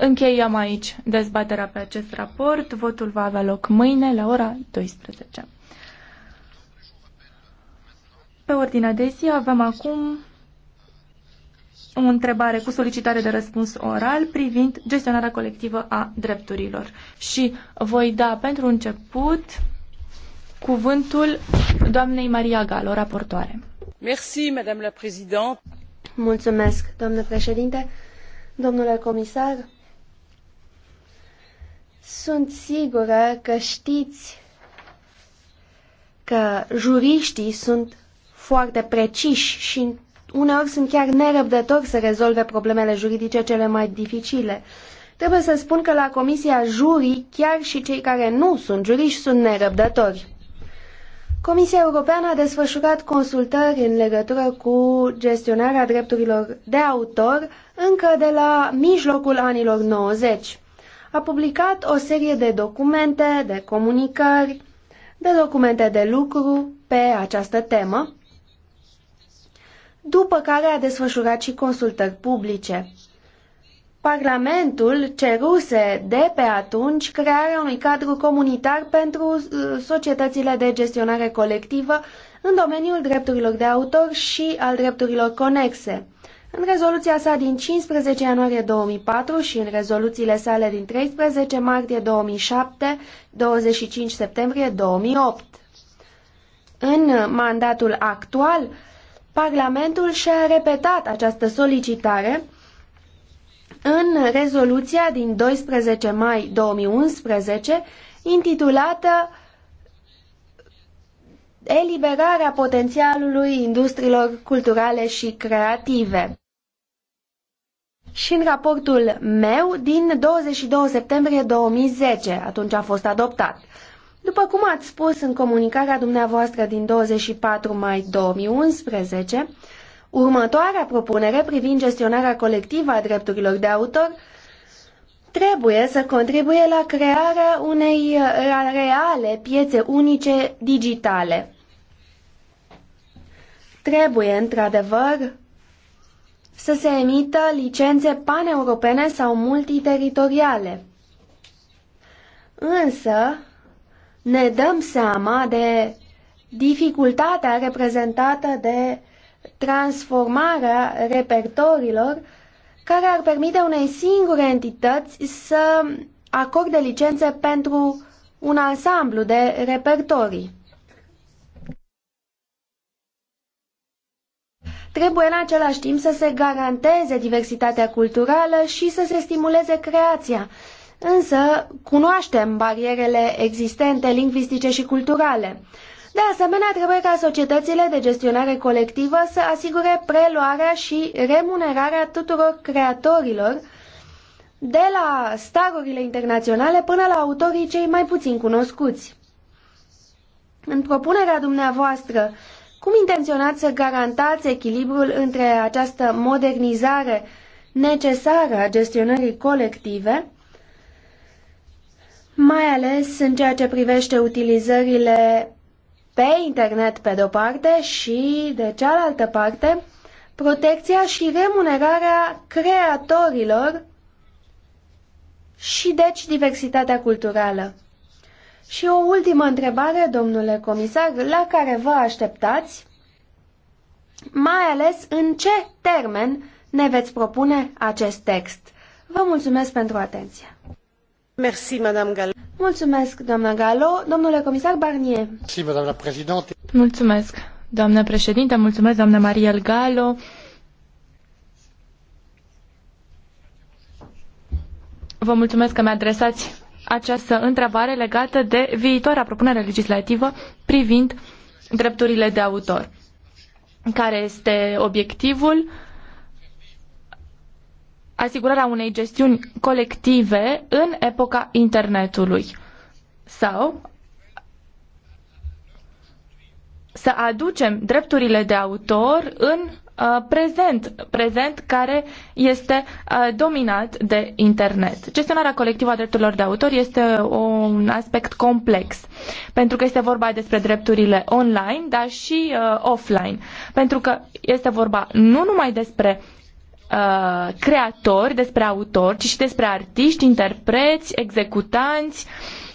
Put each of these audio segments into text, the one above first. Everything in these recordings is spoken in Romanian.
Încheiem aici dezbaterea pe acest raport. Votul va avea loc mâine la ora 12. Pe ordinea de zi avem acum o întrebare cu solicitare de răspuns oral privind gestionarea colectivă a drepturilor. Și voi da pentru început cuvântul doamnei Maria Galo, raportoare. Merci, Madame la Mulțumesc, doamnă președinte, domnule comisar, sunt sigură că știți că juriștii sunt foarte preciși și uneori sunt chiar nerăbdători să rezolve problemele juridice cele mai dificile. Trebuie să spun că la Comisia Jurii chiar și cei care nu sunt juriști sunt nerăbdători. Comisia Europeană a desfășurat consultări în legătură cu gestionarea drepturilor de autor încă de la mijlocul anilor 90 a publicat o serie de documente, de comunicări, de documente de lucru pe această temă, după care a desfășurat și consultări publice. Parlamentul ceruse de pe atunci crearea unui cadru comunitar pentru uh, societățile de gestionare colectivă în domeniul drepturilor de autor și al drepturilor conexe. În rezoluția sa din 15 ianuarie 2004 și în rezoluțiile sale din 13 martie 2007, 25 septembrie 2008. În mandatul actual, Parlamentul și-a repetat această solicitare în rezoluția din 12 mai 2011, intitulată eliberarea potențialului industriilor culturale și creative. Și în raportul meu din 22 septembrie 2010, atunci a fost adoptat. După cum ați spus în comunicarea dumneavoastră din 24 mai 2011, următoarea propunere privind gestionarea colectivă a drepturilor de autor trebuie să contribuie la crearea unei reale piețe unice digitale. Trebuie, într-adevăr, să se emită licențe paneuropene sau multiteritoriale. Însă, ne dăm seama de dificultatea reprezentată de transformarea repertorilor care ar permite unei singure entități să acorde licențe pentru un ansamblu de repertorii. Trebuie în același timp să se garanteze diversitatea culturală și să se stimuleze creația. Însă, cunoaștem barierele existente lingvistice și culturale. De asemenea, trebuie ca societățile de gestionare colectivă să asigure preluarea și remunerarea tuturor creatorilor, de la starurile internaționale până la autorii cei mai puțin cunoscuți. În propunerea dumneavoastră cum intenționați să garantați echilibrul între această modernizare necesară a gestionării colective, mai ales în ceea ce privește utilizările pe internet pe de-o parte și, de cealaltă parte, protecția și remunerarea creatorilor și, deci, diversitatea culturală. Și o ultimă întrebare, domnule comisar, la care vă așteptați, mai ales în ce termen ne veți propune acest text. Vă mulțumesc pentru atenție. Merci, Madame Galo. Mulțumesc, doamna Galo. Domnule comisar Barnier. Merci, Madame la Mulțumesc, doamna președinte. Mulțumesc, doamna Mariel Galo. Vă mulțumesc că mi-adresați această întrebare legată de viitoarea propunere legislativă privind drepturile de autor. Care este obiectivul? Asigurarea unei gestiuni colective în epoca internetului. Sau să aducem drepturile de autor în uh, prezent, prezent care este uh, dominat de internet. Gestionarea colectivă a drepturilor de autor este uh, un aspect complex, pentru că este vorba despre drepturile online, dar și offline, pentru că este vorba nu numai despre uh, creatori, despre autori, ci și despre artiști, interpreți, executanți, uh,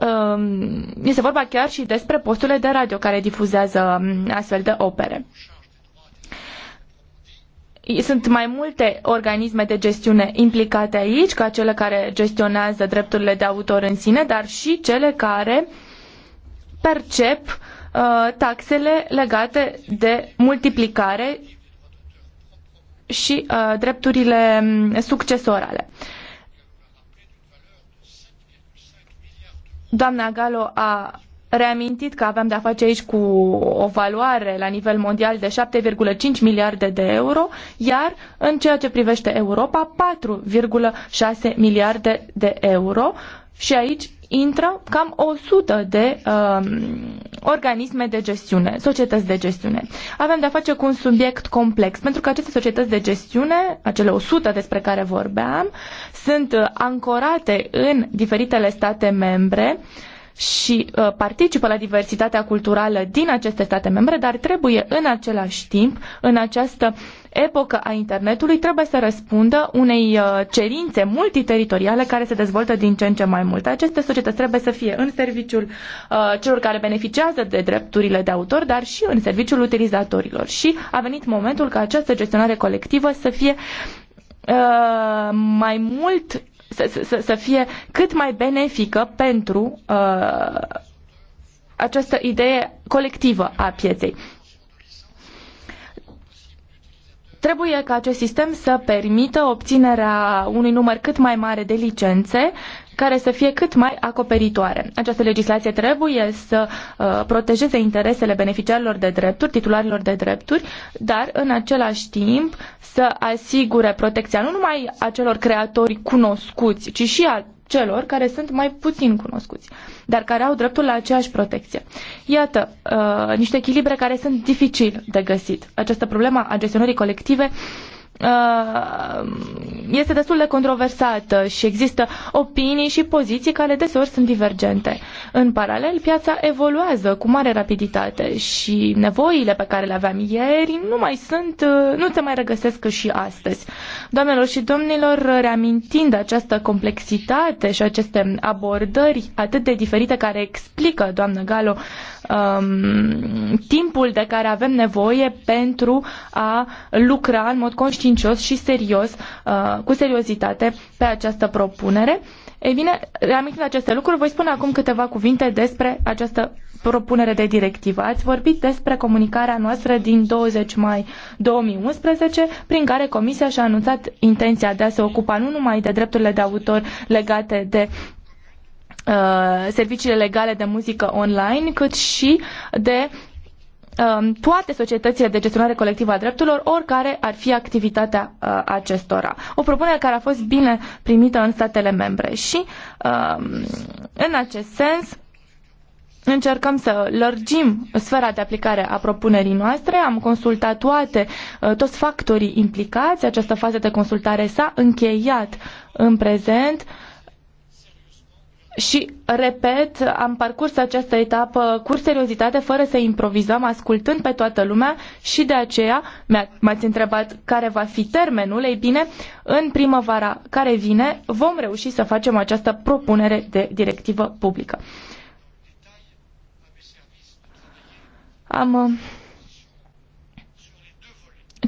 Um, este vorba chiar și despre posturile de radio care difuzează um, astfel de opere. Sunt mai multe organisme de gestiune implicate aici, ca cele care gestionează drepturile de autor în sine, dar și cele care percep uh, taxele legate de multiplicare și uh, drepturile um, succesorale. Uh, Doamna Gallo a reamintit că avem de-a face aici cu o valoare la nivel mondial de 7,5 miliarde de euro, iar în ceea ce privește Europa, 4,6 miliarde de euro și aici intră cam 100 de um, organisme de gestiune, societăți de gestiune. Avem de-a face cu un subiect complex, pentru că aceste societăți de gestiune, acele 100 despre care vorbeam, sunt uh, ancorate în diferitele state membre și uh, participă la diversitatea culturală din aceste state membre, dar trebuie în același timp, în această uh, epocă a internetului trebuie să răspundă unei uh, cerințe multiteritoriale care se dezvoltă din ce în ce mai mult. Aceste societăți trebuie să fie în serviciul uh, celor care beneficiază de drepturile de autor, dar și în serviciul utilizatorilor. Și a venit momentul ca această gestionare colectivă să fie uh, mai mult să, să, să fie cât mai benefică pentru uh, această idee colectivă a pieței. Trebuie ca acest sistem să permită obținerea unui număr cât mai mare de licențe care să fie cât mai acoperitoare. Această legislație trebuie să uh, protejeze interesele beneficiarilor de drepturi, titularilor de drepturi, dar în același timp să asigure protecția nu numai a celor creatori cunoscuți, ci și a celor care sunt mai puțin cunoscuți dar care au dreptul la aceeași protecție. Iată, uh, niște echilibre care sunt dificil de găsit. Această problemă a gestionării colective uh, Uh, este destul de controversată și există opinii și poziții care deseori sunt divergente. În paralel, piața evoluează cu mare rapiditate și nevoile pe care le aveam ieri nu mai sunt, uh, nu se mai regăsesc și astăzi. Doamnelor și domnilor, reamintind această complexitate și aceste abordări atât de diferite care explică, doamnă Galo, um, timpul de care avem nevoie pentru a lucra în mod conștiincios și serios, uh, cu seriozitate, pe această propunere. Ei bine, reamintind aceste lucruri, voi spune acum câteva cuvinte despre această propunere de directivă. Ați vorbit despre comunicarea noastră din 20 mai 2011, prin care Comisia și-a anunțat intenția de a se ocupa nu numai de drepturile de autor legate de Uh, serviciile legale de muzică online, cât și de um, toate societățile de gestionare colectivă a drepturilor, oricare ar fi activitatea uh, acestora. O propunere care a fost bine primită în statele membre și, um, în acest sens, încercăm să lărgim sfera de aplicare a propunerii noastre. Am consultat toate, uh, toți factorii implicați. Această fază de consultare s-a încheiat în prezent. Uh, și, repet, am parcurs această etapă cu seriozitate, fără să improvizăm, ascultând pe toată lumea și de aceea m-ați întrebat care va fi termenul. Ei bine, în primăvara care vine vom reuși să facem această propunere de directivă publică. Am uh,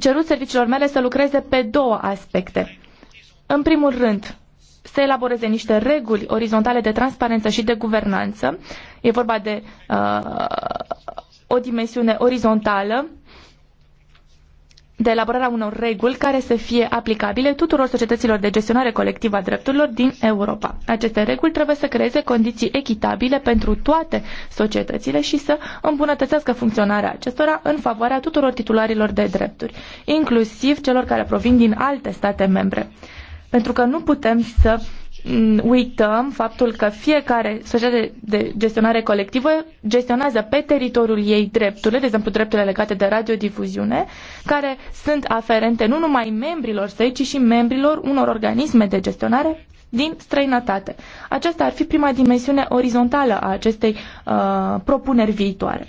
cerut serviciilor mele să lucreze pe două aspecte. În primul rând, să elaboreze niște reguli orizontale de transparență și de guvernanță. E vorba de uh, o dimensiune orizontală de elaborarea unor reguli care să fie aplicabile tuturor societăților de gestionare colectivă a drepturilor din Europa. Aceste reguli trebuie să creeze condiții echitabile pentru toate societățile și să îmbunătățească funcționarea acestora în favoarea tuturor titularilor de drepturi, inclusiv celor care provin din alte state membre. Pentru că nu putem să mm, uităm faptul că fiecare societate de gestionare colectivă gestionează pe teritoriul ei drepturile, de exemplu drepturile legate de radiodifuziune, care sunt aferente nu numai membrilor săi, ci și membrilor unor organisme de gestionare din străinătate. Aceasta ar fi prima dimensiune orizontală a acestei uh, propuneri viitoare.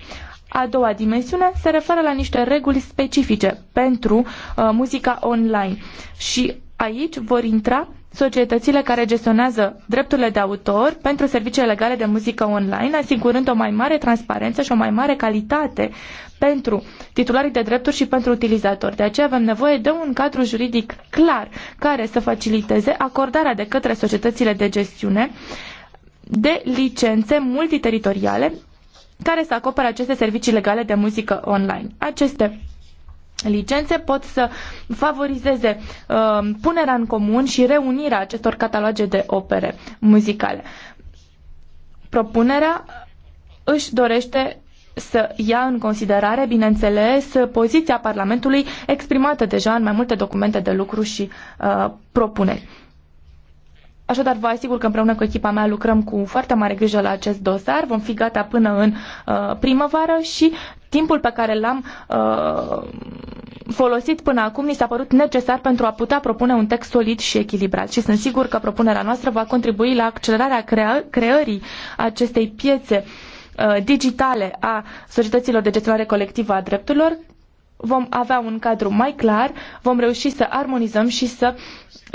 A doua dimensiune se referă la niște reguli specifice pentru uh, muzica online și Aici vor intra societățile care gestionează drepturile de autor pentru serviciile legale de muzică online, asigurând o mai mare transparență și o mai mare calitate pentru titularii de drepturi și pentru utilizatori. De aceea avem nevoie de un cadru juridic clar care să faciliteze acordarea de către societățile de gestiune de licențe multiteritoriale care să acopere aceste servicii legale de muzică online. Aceste licențe pot să favorizeze uh, punerea în comun și reunirea acestor cataloge de opere muzicale. Propunerea își dorește să ia în considerare, bineînțeles, poziția Parlamentului exprimată deja în mai multe documente de lucru și uh, propuneri. Așadar, vă asigur că împreună cu echipa mea lucrăm cu foarte mare grijă la acest dosar. Vom fi gata până în uh, primăvară și timpul pe care l-am uh, folosit până acum ni s-a părut necesar pentru a putea propune un text solid și echilibrat și sunt sigur că propunerea noastră va contribui la accelerarea crea- creării acestei piețe uh, digitale a societăților de gestionare colectivă a drepturilor, vom avea un cadru mai clar, vom reuși să armonizăm și să uh,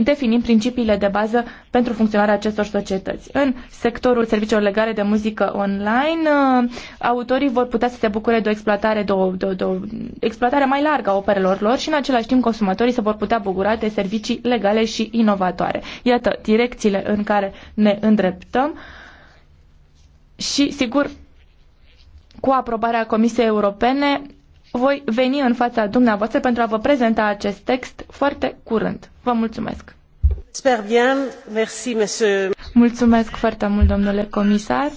definim principiile de bază pentru funcționarea acestor societăți. În sectorul serviciilor legale de muzică online, uh, autorii vor putea să se bucure de o exploatare, de o, de o, de o exploatare mai largă a operelor lor și în același timp consumatorii se vor putea bucura de servicii legale și inovatoare. Iată direcțiile în care ne îndreptăm și, sigur, cu aprobarea Comisiei Europene voi veni în fața dumneavoastră pentru a vă prezenta acest text foarte curând. Vă mulțumesc! Mulțumesc foarte mult, domnule comisar.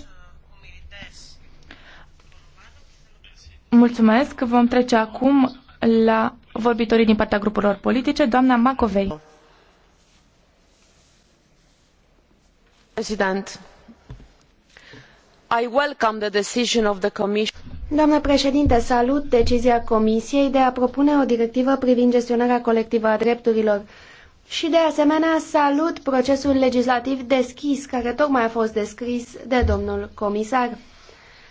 Mulțumesc. Vom trece acum la vorbitorii din partea grupurilor politice. Doamna Macovei. President, I welcome the decision of the Commission. Doamnă președinte, salut decizia Comisiei de a propune o directivă privind gestionarea colectivă a drepturilor și de asemenea salut procesul legislativ deschis care tocmai a fost descris de domnul comisar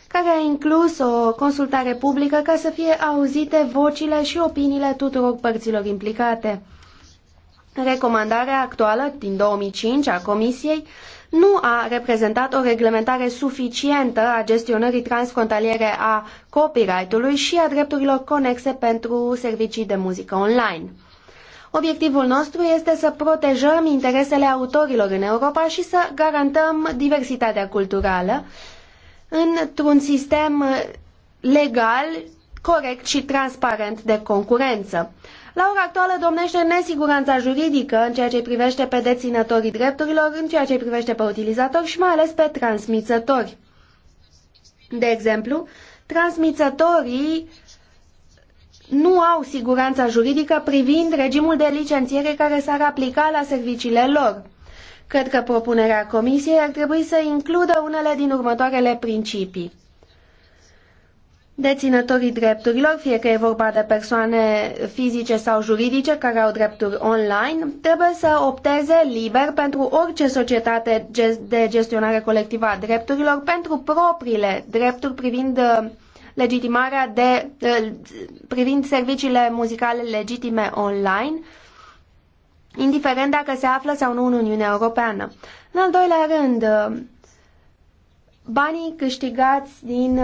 care a inclus o consultare publică ca să fie auzite vocile și opiniile tuturor părților implicate. Recomandarea actuală din 2005 a Comisiei nu a reprezentat o reglementare suficientă a gestionării transfrontaliere a copyright-ului și a drepturilor conexe pentru servicii de muzică online. Obiectivul nostru este să protejăm interesele autorilor în Europa și să garantăm diversitatea culturală într-un sistem legal, corect și transparent de concurență. La ora actuală domnește nesiguranța juridică în ceea ce privește pe deținătorii drepturilor, în ceea ce privește pe utilizatori și mai ales pe transmițători. De exemplu, transmițătorii nu au siguranța juridică privind regimul de licențiere care s-ar aplica la serviciile lor. Cred că propunerea Comisiei ar trebui să includă unele din următoarele principii deținătorii drepturilor, fie că e vorba de persoane fizice sau juridice care au drepturi online, trebuie să opteze liber pentru orice societate de gestionare colectivă a drepturilor, pentru propriile drepturi privind uh, legitimarea de uh, privind serviciile muzicale legitime online, indiferent dacă se află sau nu în Uniunea Europeană. În al doilea rând, uh, banii câștigați din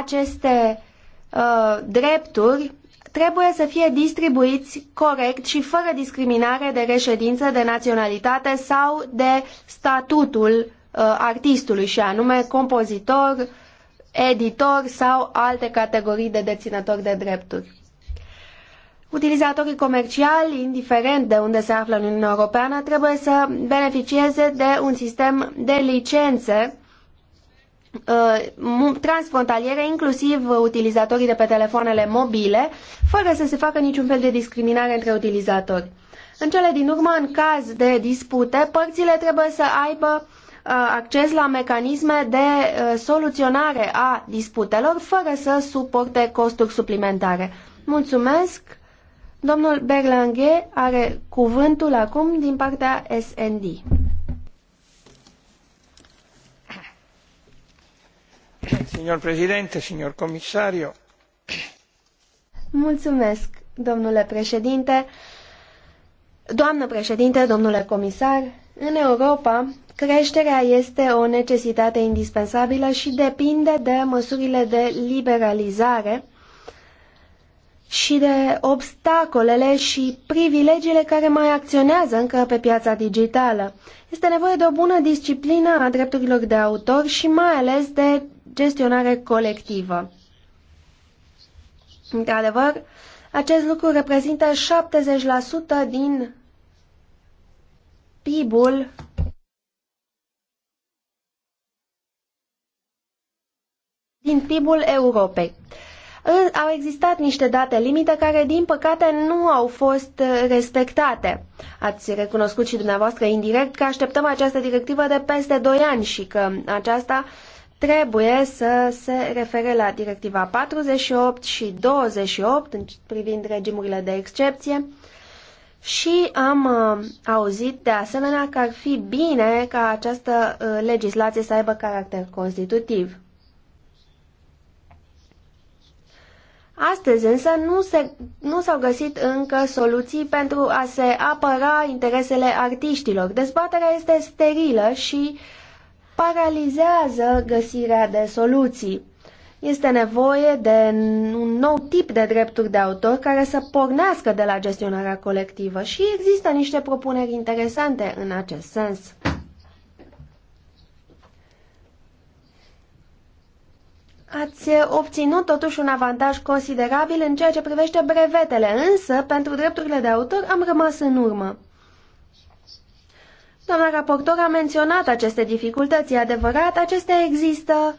aceste uh, drepturi trebuie să fie distribuiți corect și fără discriminare de reședință, de naționalitate sau de statutul uh, artistului, și anume compozitor, editor sau alte categorii de deținători de drepturi. Utilizatorii comerciali, indiferent de unde se află în Uniunea Europeană, trebuie să beneficieze de un sistem de licențe Uh, transfrontaliere, inclusiv utilizatorii de pe telefoanele mobile, fără să se facă niciun fel de discriminare între utilizatori. În cele din urmă, în caz de dispute, părțile trebuie să aibă uh, acces la mecanisme de uh, soluționare a disputelor fără să suporte costuri suplimentare. Mulțumesc! Domnul Berlanghe are cuvântul acum din partea SND. Signor signor Mulțumesc, domnule președinte. Doamnă președinte, domnule comisar, în Europa, creșterea este o necesitate indispensabilă și depinde de măsurile de liberalizare și de obstacolele și privilegiile care mai acționează încă pe piața digitală. Este nevoie de o bună disciplină a drepturilor de autor și mai ales de gestionare colectivă. Într-adevăr, acest lucru reprezintă 70% din PIB-ul din pib Europei. Au existat niște date limite care, din păcate, nu au fost respectate. Ați recunoscut și dumneavoastră indirect că așteptăm această directivă de peste 2 ani și că aceasta uh, trebuie să se refere la directiva 48 și 28 privind regimurile de excepție și am uh, auzit de asemenea că ar fi bine ca această uh, legislație să aibă caracter constitutiv. Astăzi însă nu, s-au găsit încă soluții pentru a se apăra interesele artiștilor. Dezbaterea este sterilă și uh, paralizează găsirea de soluții. Este nevoie de un nou tip de drepturi de autor care să pornească de la gestionarea colectivă și există niște propuneri interesante în acest sens. Ați obținut totuși un avantaj considerabil în ceea ce privește brevetele, însă pentru drepturile de autor am rămas în urmă. Doamna raportor a menționat aceste dificultăți. E adevărat, acestea există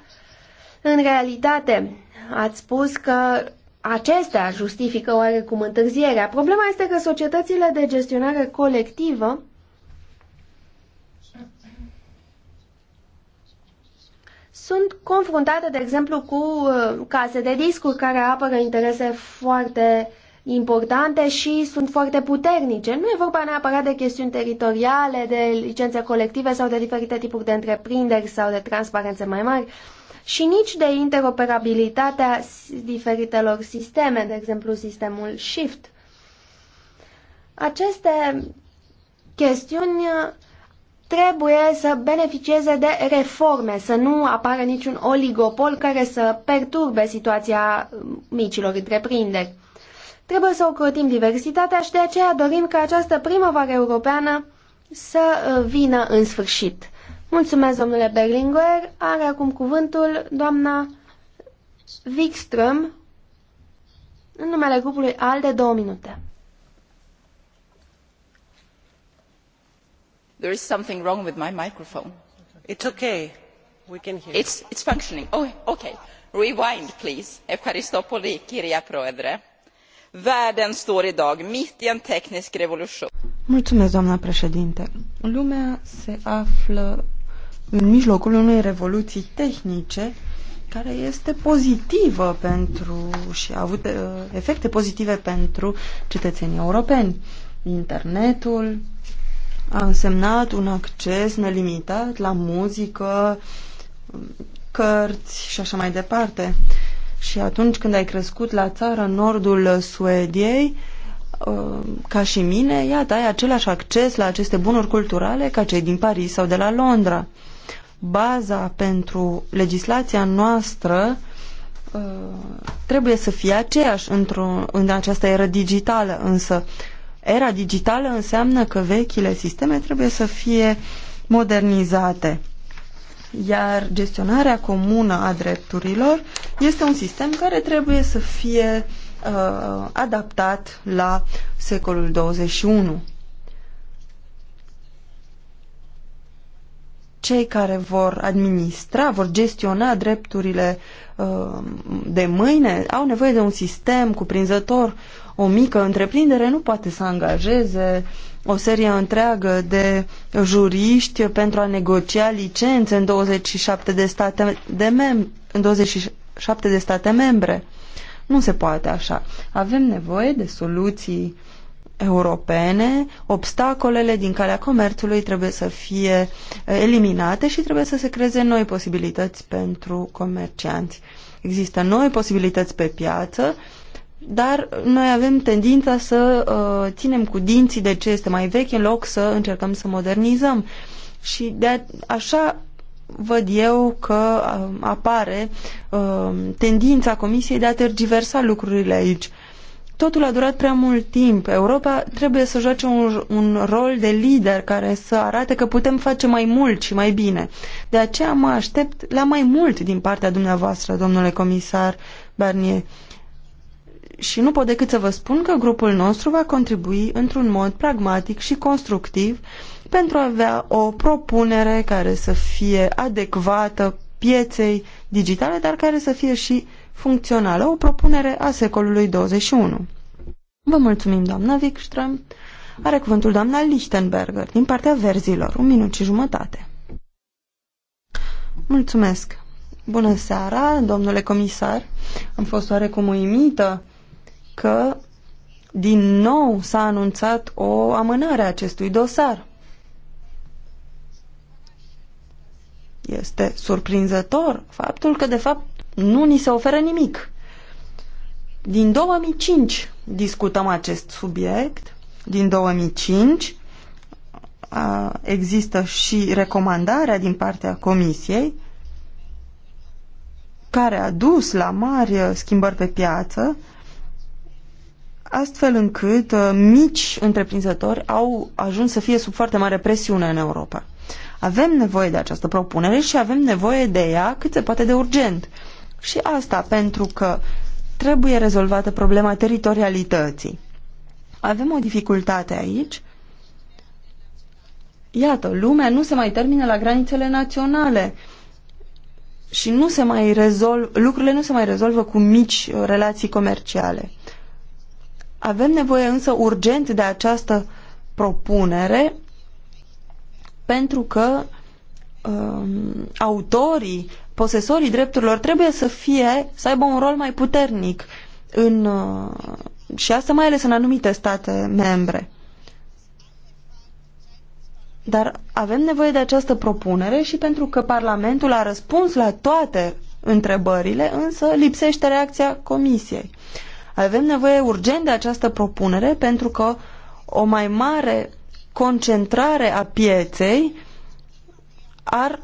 în realitate. Ați spus că acestea justifică oarecum întârzierea. Problema este că societățile de gestionare colectivă sunt confruntate, de exemplu, cu uh, case de discuri care apără interese foarte importante și sunt foarte puternice. Nu e vorba neapărat de chestiuni teritoriale, de licențe colective sau de diferite tipuri de întreprinderi sau de transparențe mai mari și nici de interoperabilitatea diferitelor sisteme, de exemplu sistemul SHIFT. Aceste chestiuni trebuie să beneficieze de reforme, să nu apară niciun oligopol care să perturbe situația micilor întreprinderi. Trebuie să ocrotim diversitatea și de aceea dorim ca această primăvară europeană să uh, vină în sfârșit. Mulțumesc, domnule Berlinguer. Are acum cuvântul doamna Wikström în numele grupului ALDE, două minute. There is something wrong with my microphone. It's okay. We can hear. It's, it's functioning. Oh, okay. Rewind, please. Ευχαριστώ πολύ, κυρία Πρόεδρε Världen står idag mitt i en teknisk revolution. Mulțumesc, doamna președinte. Lumea se află în mijlocul unei revoluții tehnice care este pozitivă pentru și a avut uh, efecte pozitive pentru cetățenii europeni. Internetul a însemnat un acces nelimitat la muzică, cărți și așa mai departe. Și atunci când ai crescut la țară, în nordul Suediei, uh, ca și mine, iată, ai același acces la aceste bunuri culturale ca cei din Paris sau de la Londra. Baza pentru legislația noastră uh, trebuie să fie aceeași într-o, în această eră digitală, însă era digitală înseamnă că vechile sisteme trebuie să fie modernizate. Iar gestionarea comună a drepturilor este un sistem care trebuie să fie uh, adaptat la secolul 21. Cei care vor administra, vor gestiona drepturile uh, de mâine au nevoie de un sistem cuprinzător. O mică întreprindere nu poate să angajeze uh, o serie întreagă de juriști pentru a negocia licențe în 27 de state, de mem- în 27 de state membre. Nu se poate așa. Avem nevoie de soluții europene, obstacolele din calea comerțului trebuie să fie eh, eliminate și trebuie să se creeze noi posibilități pentru comercianți. Există noi posibilități pe piață dar noi avem tendința să uh, ținem cu dinții de ce este mai vechi în loc să încercăm să modernizăm. Și de a, așa văd eu că uh, apare uh, tendința Comisiei de a tergiversa lucrurile aici. Totul a durat prea mult timp. Europa trebuie să joace un, un rol de lider care să arate că putem face mai mult și mai bine. De aceea mă aștept la mai mult din partea dumneavoastră, domnule comisar Barnier și nu pot decât să vă spun că grupul nostru va contribui într-un mod pragmatic și constructiv pentru a avea o propunere care să fie adecvată pieței digitale, dar care să fie și funcțională, o propunere a secolului 21. Vă mulțumim, doamna Wikström. Are cuvântul doamna Lichtenberger, din partea verzilor, un minut și jumătate. Mulțumesc. Bună seara, domnule comisar. Am fost oarecum uimită că din nou s-a anunțat o amânare a acestui dosar. Este surprinzător faptul că, de fapt, nu ni se oferă nimic. Din 2005 discutăm acest subiect, din 2005 există și recomandarea din partea Comisiei care a dus la mari schimbări pe piață astfel încât uh, mici întreprinzători au ajuns să fie sub foarte mare presiune în Europa. Avem nevoie de această propunere și avem nevoie de ea cât se poate de urgent. Și asta pentru că trebuie rezolvată problema teritorialității. Avem o dificultate aici. Iată, lumea nu se mai termină la granițele naționale și nu se mai rezolv, lucrurile nu se mai rezolvă cu mici uh, relații comerciale. Avem nevoie însă urgent de această propunere pentru că um, autorii, posesorii drepturilor trebuie să fie, să aibă un rol mai puternic în, uh, și asta mai ales în anumite state membre. Dar avem nevoie de această propunere și pentru că Parlamentul a răspuns la toate întrebările, însă lipsește reacția Comisiei. Uh, avem nevoie urgent de această propunere pentru că o mai mare concentrare a pieței ar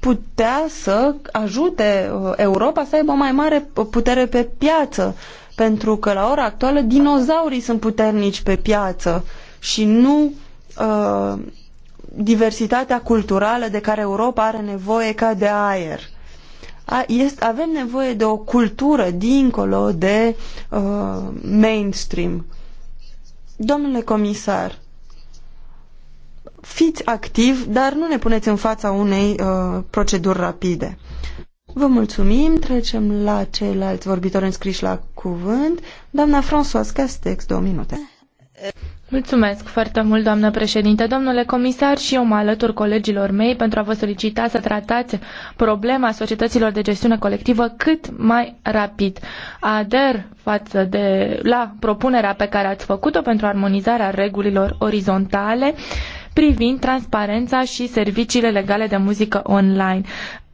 putea să ajute uh, Europa să aibă o mai mare putere pe piață, pentru că la ora actuală dinozaurii sunt puternici pe piață și nu uh, diversitatea culturală de care Europa are nevoie ca de aer este, avem nevoie de o cultură dincolo de uh, mainstream. Domnule comisar, fiți activ, dar nu ne puneți în fața unei uh, proceduri rapide. Vă mulțumim, trecem la ceilalți vorbitori înscriși la cuvânt. Doamna François Castex, două minute. Mulțumesc foarte mult, doamnă președinte. Domnule comisar, și eu mă alătur colegilor mei pentru a vă solicita să tratați problema societăților de gestiune colectivă cât mai rapid. Ader față de la propunerea pe care ați făcut-o pentru armonizarea regulilor orizontale privind transparența și serviciile legale de muzică online.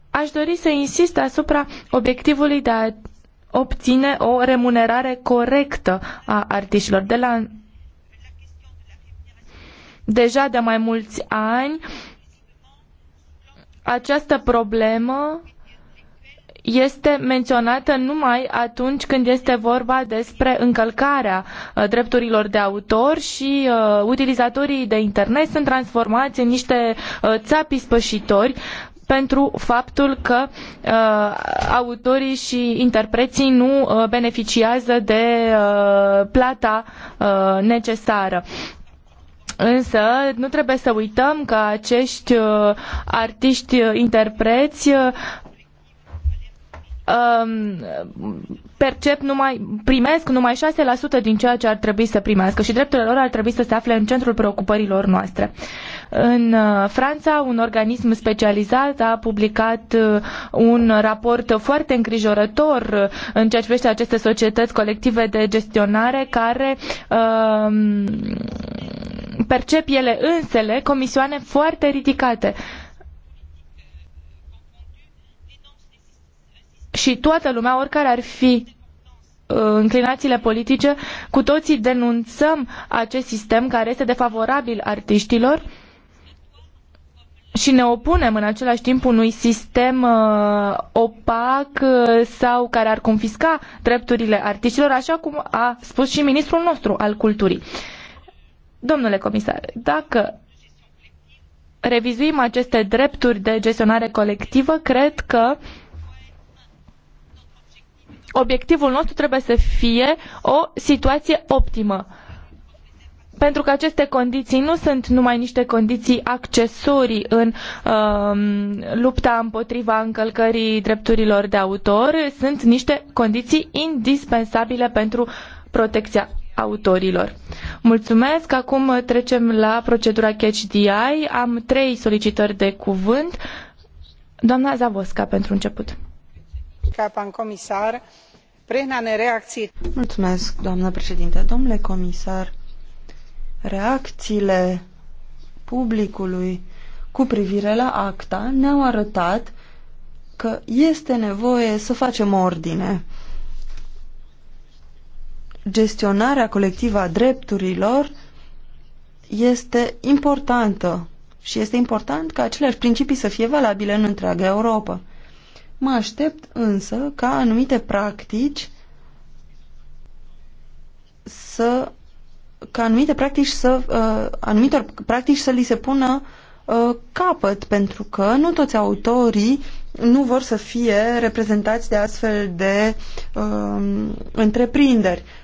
Aș dori să insist asupra obiectivului de a obține o remunerare corectă a artiștilor de la deja de mai mulți ani această problemă este menționată numai atunci când este vorba despre încălcarea uh, drepturilor de autor și uh, utilizatorii de internet sunt transformați în niște uh, țapi spășitori pentru faptul că uh, autorii și interpreții nu uh, beneficiază de uh, plata uh, necesară. Însă nu trebuie să uităm că acești uh, artiști uh, interpreți uh, um, percep numai, primesc numai 6% din ceea ce ar trebui să primească și drepturile lor ar trebui să se afle în centrul preocupărilor noastre. În Franța, un organism specializat a publicat un raport foarte îngrijorător în ceea ce privește aceste societăți colective de gestionare care um, percep ele însele comisioane foarte ridicate. Și toată lumea, oricare ar fi uh, înclinațiile politice, cu toții denunțăm acest sistem care este defavorabil artiștilor și ne opunem în același timp unui sistem uh, opac uh, sau care ar confisca drepturile artiștilor, așa cum a spus și ministrul nostru al culturii. Uh, Domnule comisar, dacă revizuim aceste drepturi de gestionare colectivă, cred că obiectivul nostru trebuie să fie o situație optimă. Pentru că aceste condiții nu sunt numai niște condiții accesorii în uh, lupta împotriva încălcării drepturilor de autor, sunt niște condiții indispensabile pentru protecția autorilor. Mulțumesc. Acum trecem la procedura Catch Am trei solicitări de cuvânt. Doamna Zavosca, pentru început. Capan comisar, prehnane reacții. Mulțumesc, doamnă președinte. Domnule comisar, reacțiile publicului cu privire la acta ne-au arătat că este nevoie să facem ordine gestionarea colectivă a drepturilor este importantă și este important ca aceleași principii să fie valabile în întreaga Europa. Mă aștept însă ca anumite practici să ca anumite practici să uh, anumitor practici să li se pună uh, capăt pentru că nu toți autorii nu vor să fie reprezentați de astfel de uh, întreprinderi.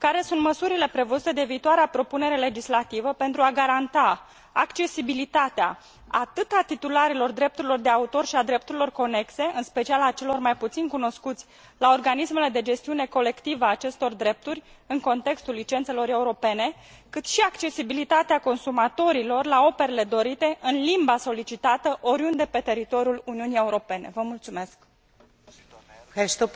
care sunt măsurile prevăzute de viitoarea propunere legislativă pentru a garanta accesibilitatea atât a titularilor drepturilor de autor i a drepturilor conexe în special a celor mai puin cunoscui la organismele de gestiune colectivă a acestor drepturi în contextul licenelor europene cât i accesibilitatea consumatorilor la operele dorite în limba solicitată oriunde pe teritoriul uniunii europene. Vă mulțumesc. Mulțumesc,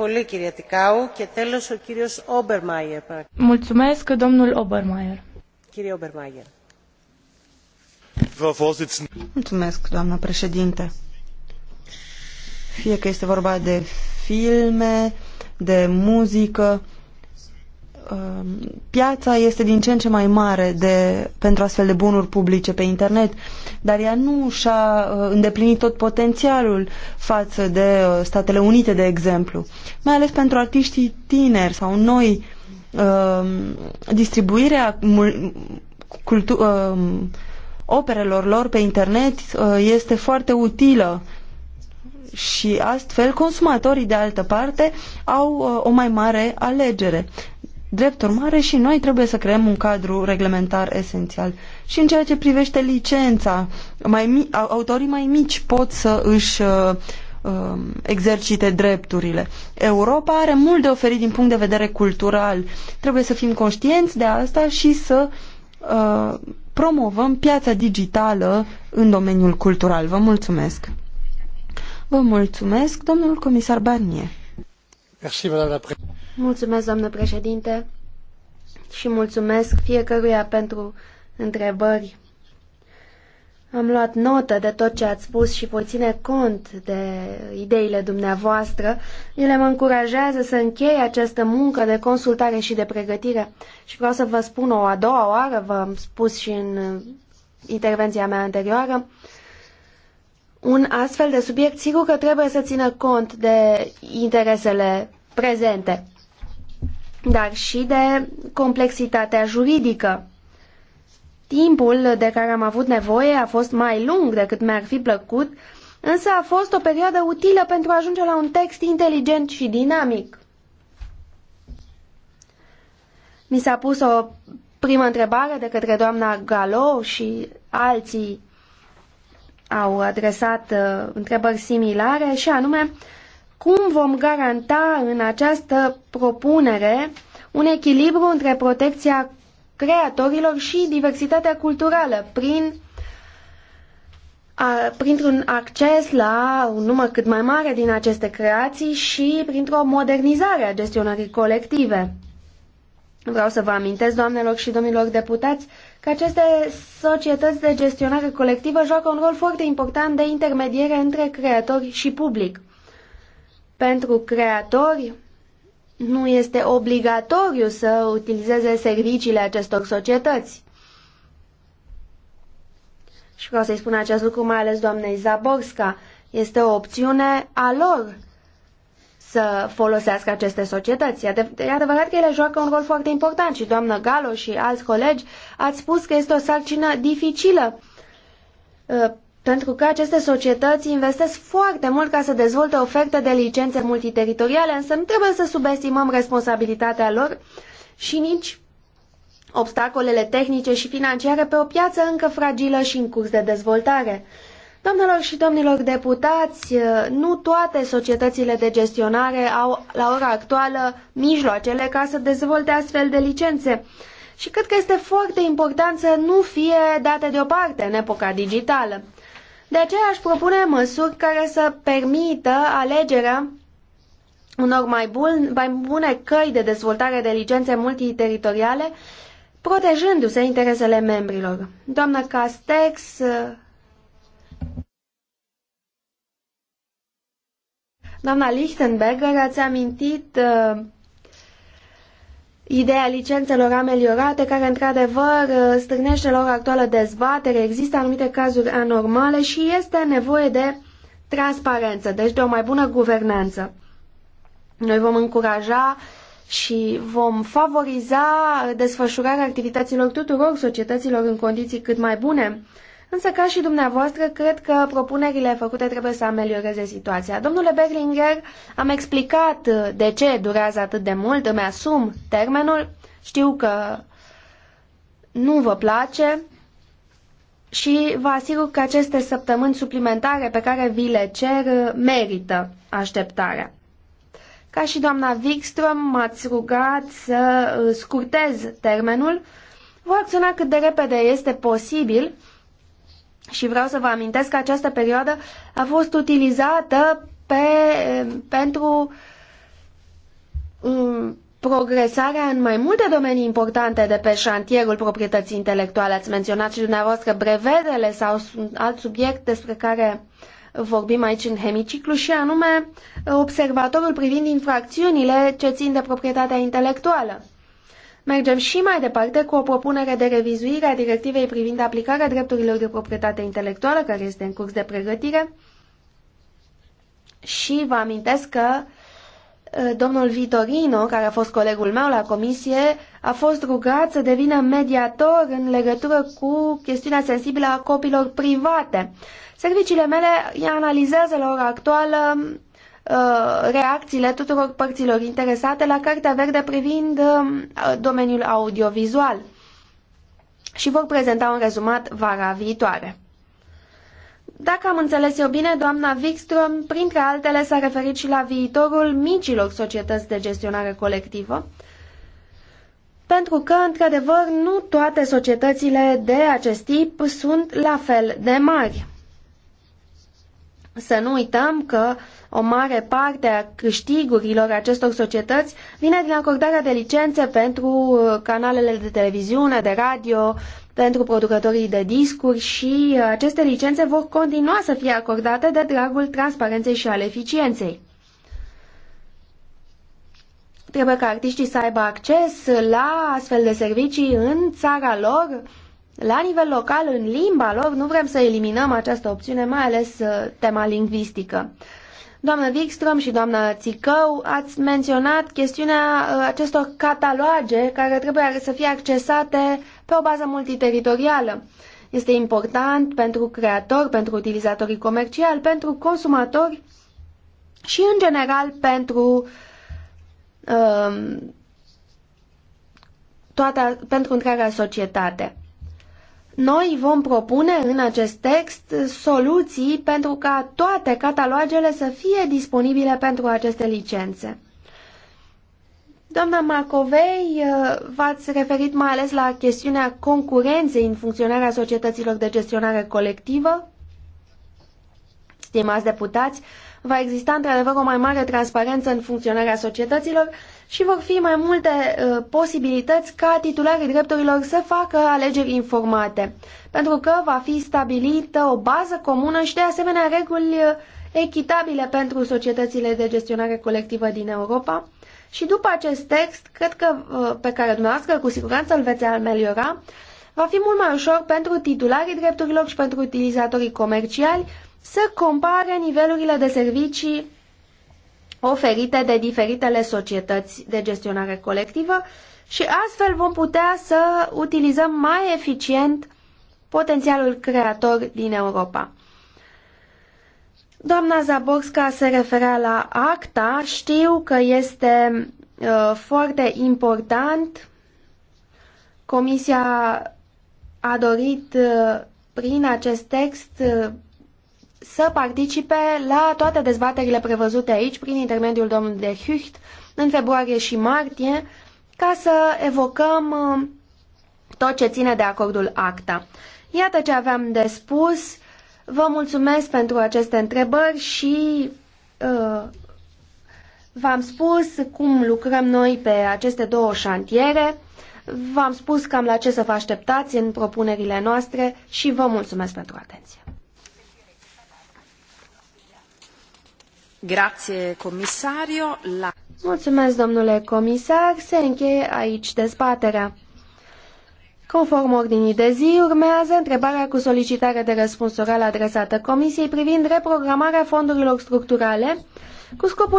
domnul Obermeier. Obermeier. Mulțumesc, doamnă președinte. Fie că este vorba de filme, de muzică, Um, piața este din ce în ce mai mare de, pentru astfel de bunuri publice pe internet, dar ea nu și-a uh, îndeplinit tot potențialul față de uh, Statele Unite, de exemplu. Mai ales pentru artiștii tineri sau noi, um, distribuirea cultu- um, operelor lor pe internet uh, este foarte utilă și astfel consumatorii de altă parte au o mai mare alegere. Drept urmare și noi trebuie să creăm un cadru reglementar esențial. Și în ceea ce privește licența, mai autorii mai mici pot să își uh, um, exercite drepturile. Europa are mult de oferit din punct de vedere cultural. Trebuie să fim conștienți de asta și să uh, promovăm piața digitală în domeniul cultural. Vă mulțumesc! Vă mulțumesc, domnul comisar Barnier. Merci, Mulțumesc, doamnă președinte, și mulțumesc fiecăruia pentru întrebări. Am luat notă de tot ce ați spus și voi ține cont de ideile dumneavoastră. Ele mă încurajează să închei această muncă de consultare și de pregătire. Și vreau să vă spun o a doua oară, v-am spus și în intervenția mea anterioară, un astfel de subiect sigur că trebuie să țină cont de interesele prezente dar și de complexitatea juridică. Timpul de care am avut nevoie a fost mai lung decât mi-ar fi plăcut, însă a fost o perioadă utilă pentru a ajunge la un text inteligent și dinamic. Mi s-a pus o primă întrebare de către doamna Galo și alții au adresat uh, întrebări similare și anume cum vom garanta în această propunere un echilibru între protecția creatorilor și diversitatea culturală prin printr-un acces la un număr cât mai mare din aceste creații și printr-o modernizare a gestionării colective. Vreau să vă amintesc, doamnelor și domnilor deputați, că aceste societăți de gestionare colectivă joacă un rol foarte important de intermediere între creatori și public pentru creatori nu este obligatoriu să utilizeze serviciile acestor societăți. Și vreau să-i spun acest lucru mai ales doamnei Zaborska. Este o opțiune a lor să folosească aceste societăți. E adevărat că ele joacă un rol foarte important și doamnă Galo și alți colegi ați spus că este o sarcină dificilă ă, pentru că aceste societăți investesc foarte mult ca să dezvolte oferte de licențe multiteritoriale, însă nu trebuie să subestimăm responsabilitatea lor și nici obstacolele tehnice și financiare pe o piață încă fragilă și în curs de dezvoltare. Doamnelor și domnilor deputați, nu toate societățile de gestionare au la ora actuală mijloacele ca să dezvolte astfel de licențe. Și cred că este foarte important să nu fie date deoparte în epoca digitală. De aceea aș propune măsuri care să permită alegerea unor mai, bun, mai bune căi de dezvoltare de licențe multiteritoriale, protejându-se interesele membrilor. Doamna Castex, doamna Lichtenberger, ați amintit uh, ideea licențelor ameliorate, care într-adevăr stârnește lor actuală dezbatere, există anumite cazuri anormale și este nevoie de transparență, deci de o mai bună guvernanță. Noi vom încuraja și vom favoriza desfășurarea activităților tuturor societăților în condiții cât mai bune Însă, ca și dumneavoastră, cred că propunerile făcute trebuie să amelioreze situația. Domnule Berlinger, am explicat uh, de ce durează atât de mult, îmi asum termenul, știu că nu vă place și vă asigur că aceste săptămâni suplimentare pe care vi le cer uh, merită așteptarea. Ca și doamna Wikström, m-ați rugat să uh, scurtez termenul. Voi acționa cât de repede este posibil și vreau să vă amintesc că această perioadă a fost utilizată pe, pentru um, progresarea în mai multe domenii importante de pe șantierul proprietății intelectuale. Ați menționat și dumneavoastră brevetele sau alt subiect despre care vorbim aici în hemiciclu și anume observatorul privind infracțiunile ce țin de proprietatea intelectuală. Mergem și mai departe cu o propunere de revizuire a directivei privind aplicarea drepturilor de proprietate intelectuală, care este în curs de pregătire. Și vă amintesc că ă, domnul Vitorino, care a fost colegul meu la comisie, a fost rugat să devină mediator în legătură cu chestiunea sensibilă a copilor private. Serviciile mele analizează la ora actuală Uh, reacțiile tuturor părților interesate la Cartea Verde privind uh, domeniul audiovizual și vor prezenta un rezumat vara viitoare. Dacă am înțeles eu bine, doamna Wikström, printre altele, s-a referit și la viitorul micilor societăți de gestionare colectivă, pentru că, într-adevăr, nu toate societățile de acest tip sunt la fel de mari. Să nu uităm că uh, o mare parte a câștigurilor acestor societăți vine din acordarea de licențe pentru uh, canalele de televiziune, de radio, pentru producătorii de discuri și uh, aceste licențe vor continua să fie acordate de dragul transparenței și al eficienței. Trebuie ca artiștii să aibă acces la astfel de servicii în țara lor, la nivel local, în limba lor. Nu vrem să eliminăm această opțiune, mai ales uh, tema lingvistică. Doamna Wikström și doamna Țicău, ați menționat chestiunea uh, acestor cataloage care trebuie să fie accesate pe o bază multiteritorială. Este important pentru creatori, pentru utilizatorii comerciali, pentru consumatori și, în general, pentru um, toată, pentru întreaga societate. Noi vom propune în acest text soluții pentru ca toate catalogele să fie disponibile pentru aceste licențe. Doamna Macovei, uh, v-ați referit mai ales la chestiunea concurenței în funcționarea societăților de gestionare colectivă? Stimați deputați, va exista într-adevăr o mai mare transparență în funcționarea societăților și vor fi mai multe uh, posibilități ca titularii drepturilor să facă alegeri informate, pentru că va fi stabilită o bază comună și de asemenea reguli uh, echitabile pentru societățile de gestionare colectivă din Europa. Și după acest text, cred că uh, pe care dumneavoastră cu siguranță îl veți ameliora, va fi mult mai ușor pentru titularii drepturilor și pentru utilizatorii comerciali să compare nivelurile de servicii oferite de diferitele societăți de gestionare colectivă și astfel vom putea să utilizăm mai eficient potențialul creator din Europa. Doamna Zaborska se referea la acta. Știu că este uh, foarte important. Comisia a dorit uh, prin acest text uh, să participe la toate dezbaterile prevăzute aici prin intermediul domnului de Hucht în februarie și martie ca să evocăm uh, tot ce ține de acordul ACTA. Iată ce aveam de spus. Vă mulțumesc pentru aceste întrebări și uh, v-am spus cum lucrăm noi pe aceste două șantiere. V-am spus cam la ce să vă așteptați în propunerile noastre și vă mulțumesc pentru atenție. Grazie, comisario. La... Mulțumesc, domnule comisar. Se încheie aici dezbaterea. Conform ordinii de zi, urmează întrebarea cu solicitare de răspuns oral adresată Comisiei privind reprogramarea fondurilor structurale cu scopul